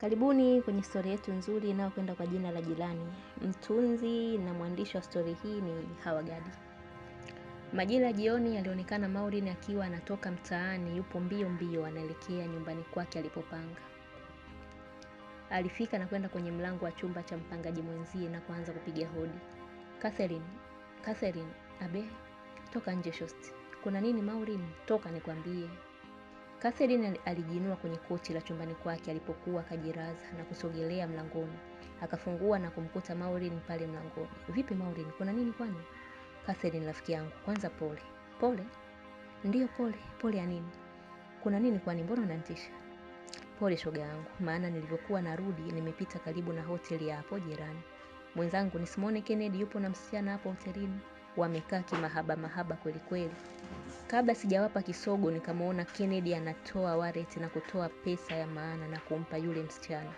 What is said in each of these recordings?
Karibuni kwenye stori yetu nzuri inayokwenda kwa jina la Jirani. Mtunzi na mwandishi wa stori hii ni Hawagadi. Majira jioni alionekana Maureen akiwa anatoka mtaani, yupo mbio mbio anaelekea nyumbani kwake alipopanga. Alifika na kwenda kwenye mlango wa chumba cha mpangaji mwenzie na kuanza kupiga hodi. Catherine, Catherine, abe, toka nje shosti. Kuna nini Maureen? Toka nikwambie. Catherine alijiinua kwenye kochi la chumbani kwake alipokuwa akajiraza na kusogelea mlangoni. Akafungua na kumkuta Maureen pale mlangoni. Vipi Maureen, kuna nini kwani? Catherine rafiki yangu, kwanza pole. Pole? Ndiyo pole. Pole ya nini? Kuna nini kwani, mbona unanitisha? Pole shoga yangu, maana nilivyokuwa narudi nimepita karibu na hoteli ya hapo jirani. Mwenzangu ni Simone Kennedy yupo na msichana hapo hotelini, wamekaa kimahaba mahaba kweli kweli. Kabla sijawapa kisogo, nikamwona Kennedy anatoa wallet na kutoa pesa ya maana na kumpa yule msichana.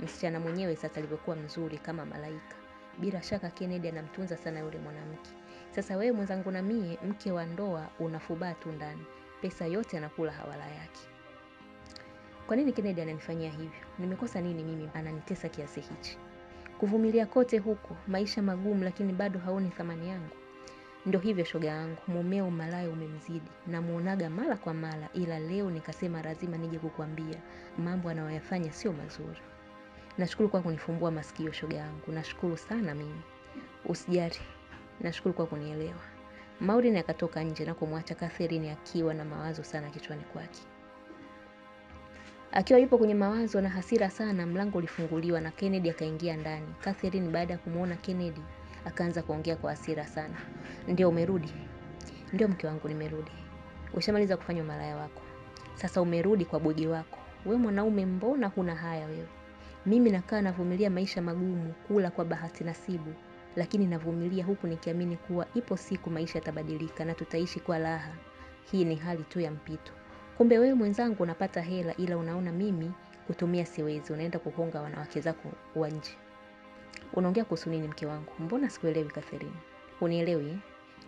Msichana mwenyewe sasa alivyokuwa mzuri kama malaika. Bila shaka Kennedy anamtunza sana yule mwanamke. Sasa wewe mwenzangu na mie, mke wa ndoa, unafubaa tu ndani, pesa yote anakula hawala yake. Kwa nini Kennedy ananifanyia hivyo? Nimekosa nini mimi? Ananitesa kiasi hichi, kuvumilia kote huku, maisha magumu, lakini bado haoni thamani yangu. Ndo hivyo shoga yangu, mumeo umalaya umemzidi, namuonaga mara kwa mara, ila leo nikasema lazima nije kukwambia mambo anayoyafanya sio mazuri. Nashukuru kwa kunifumbua masikio shoga yangu, nashukuru sana mimi. Usijali, nashukuru kwa kunielewa. Maureen akatoka nje na kumwacha Catherine akiwa na mawazo sana kichwani kwake. Akiwa yupo kwenye mawazo na hasira sana, mlango ulifunguliwa na Kennedy akaingia ndani. Catherine baada ya kumwona Kennedy akaanza kuongea kwa hasira sana. Ndio umerudi? Ndio mke wangu, nimerudi. Ushamaliza kufanya malaya wako, sasa umerudi kwa bogi wako. We mwanaume, mbona huna haya wewe? Mimi nakaa navumilia maisha magumu, kula kwa bahati nasibu, lakini navumilia huku nikiamini kuwa ipo siku maisha yatabadilika na tutaishi kwa raha. Hii ni hali tu ya mpito. Kumbe wewe mwenzangu unapata hela, ila unaona mimi kutumia siwezi, unaenda kuhonga wanawake zako wa nje. Unaongea kuhusu nini mke wangu? Mbona sikuelewi Catherine? Unielewi?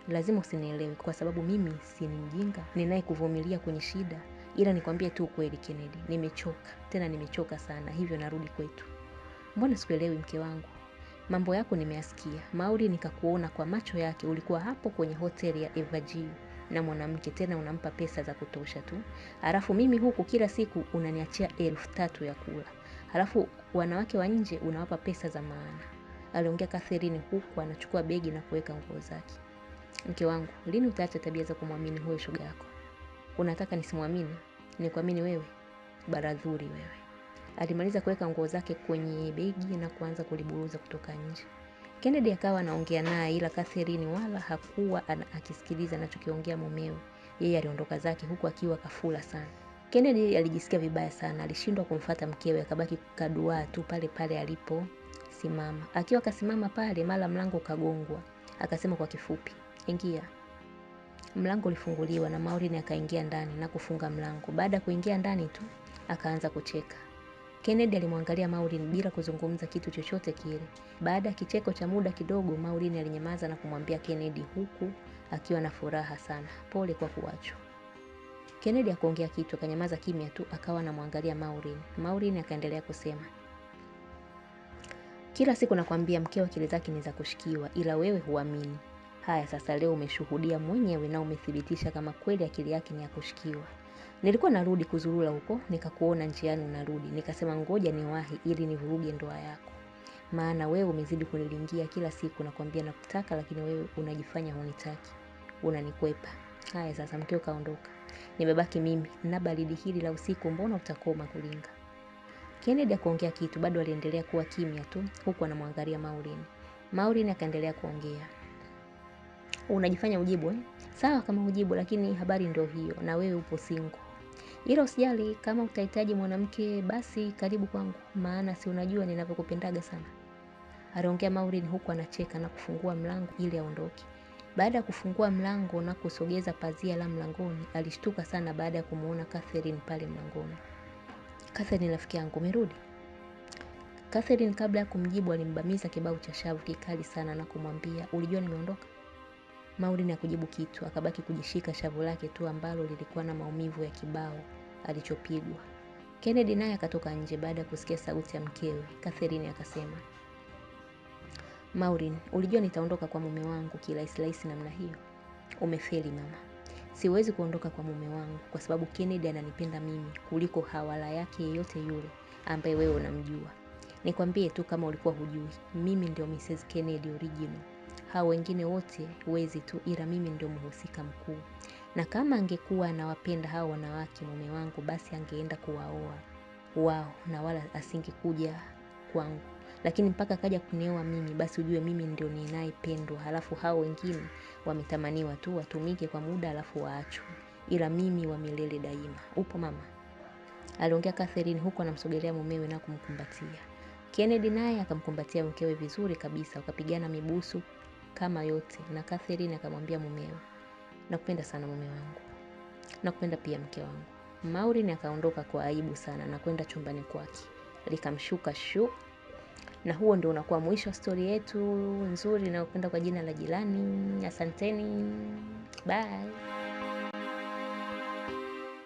Lazima usinielewi kwa sababu mimi si ni mjinga ninaye kuvumilia kwenye shida, ila nikwambie tu ukweli Kennedy, nimechoka tena, nimechoka sana, hivyo narudi kwetu. Mbona sikuelewi mke wangu? Mambo yako nimeyasikia. Mauri nikakuona kwa macho yake, ulikuwa hapo kwenye hoteli ya Evajii na mwanamke, tena unampa pesa za kutosha tu, alafu mimi huku kila siku unaniachia elfu tatu ya kula halafu wanawake wa nje unawapa pesa za maana, aliongea Catherine huku anachukua begi na kuweka nguo zake. Mke wangu, lini utaacha tabia za kumwamini huyo shoga yako? Unataka nisimwamini? Ni kuamini wewe? Baradhuri wewe. Alimaliza kuweka nguo zake kwenye begi na kuanza kuliburuza kutoka nje. Kennedy akawa anaongea naye, ila Catherine wala hakuwa akisikiliza anachokiongea mumewe. Yeye aliondoka zake huku akiwa kafula sana. Kennedy alijisikia vibaya sana, alishindwa kumfata mkewe, akabaki kaduaa tu pale pale aliposimama. Akiwa akasimama pale, mara mlango ukagongwa, akasema kwa kifupi, ingia. Mlango ulifunguliwa na Maureen akaingia ndani na kufunga mlango. Baada ya kuingia ndani tu akaanza kucheka. Kennedy alimwangalia Maureen bila kuzungumza kitu chochote kile. Baada ya kicheko cha muda kidogo, Maureen alinyamaza na kumwambia Kennedy huku akiwa na furaha sana, pole kwa kuachwa. Kennedy akaongea kitu, akanyamaza kimya tu, akawa anamwangalia Maureen. Maureen akaendelea kusema, kila siku nakwambia mkeo akili zake ni za kushikiwa, ila wewe huamini. Haya sasa, leo umeshuhudia mwenyewe na umethibitisha kama kweli akili yake ni ya kushikiwa. Nilikuwa narudi kuzurura huko, nikakuona njiani unarudi, nikasema ngoja niwahi ili nivuruge ndoa yako, maana wewe umezidi kunilingia. Kila siku nakwambia nakutaka, lakini wewe unajifanya hunitaki, unanikwepa. Haya sasa, mkeo kaondoka, nimebaki mimi na baridi hili la usiku, mbona utakoma kulinga? Kennedy akaongea kitu, bado aliendelea kuwa kimya tu huku anamwangalia Maureen. Maureen akaendelea kuongea. Unajifanya ujibu eh? Sawa kama ujibu, lakini habari ndio hiyo, na wewe upo single. Ila usijali, kama utahitaji mwanamke basi karibu kwangu, maana si unajua ninavyokupendaga sana. Aliongea Maureen huku anacheka na kufungua mlango ili aondoke. Baada ya kufungua mlango na kusogeza pazia la mlangoni, alishtuka sana baada ya kumuona Catherine pale mlangoni. Catherine rafiki yangu umerudi? Catherine kabla ya kumjibu alimbamiza kibao cha shavu kikali sana na kumwambia, "Ulijua nimeondoka?" Maureen hakujibu kitu, akabaki kujishika shavu lake tu ambalo lilikuwa na maumivu ya kibao alichopigwa. Kennedy naye akatoka nje baada ya kusikia sauti ya mkewe. Catherine akasema, Maureen, ulijua nitaondoka kwa mume wangu kirahisi namna hiyo? Umefeli mama. Siwezi kuondoka kwa mume wangu kwa sababu Kennedy ananipenda mimi kuliko hawala yake yeyote yule ambaye wewe unamjua. Nikwambie tu kama ulikuwa hujui, mimi ndio Mrs. Kennedy original. Hao wengine wote wezi tu, ila mimi ndio mhusika mkuu. Na kama angekuwa anawapenda hao wanawake mume wangu, basi angeenda kuwaoa wao na wala asingekuja kwangu lakini mpaka akaja kunioa mimi, basi ujue mimi ndio ninayependwa, halafu hao wengine wametamaniwa tu watumike kwa muda halafu waachwe, ila mimi wa milele daima. Upo mama? Aliongea Catherine huku anamsogelea mumewe na kumkumbatia. Kennedy naye akamkumbatia mkewe vizuri kabisa, wakapigana mibusu kama yote, na Catherine akamwambia mumewe, nakupenda sana mume wangu, nakupenda pia mke wangu. Maureen akaondoka kwa aibu sana na kwenda chumbani kwake, likamshuka shu na huo ndio unakuwa mwisho wa stori yetu nzuri inayopenda kwa jina la Jirani. Asanteni, bye.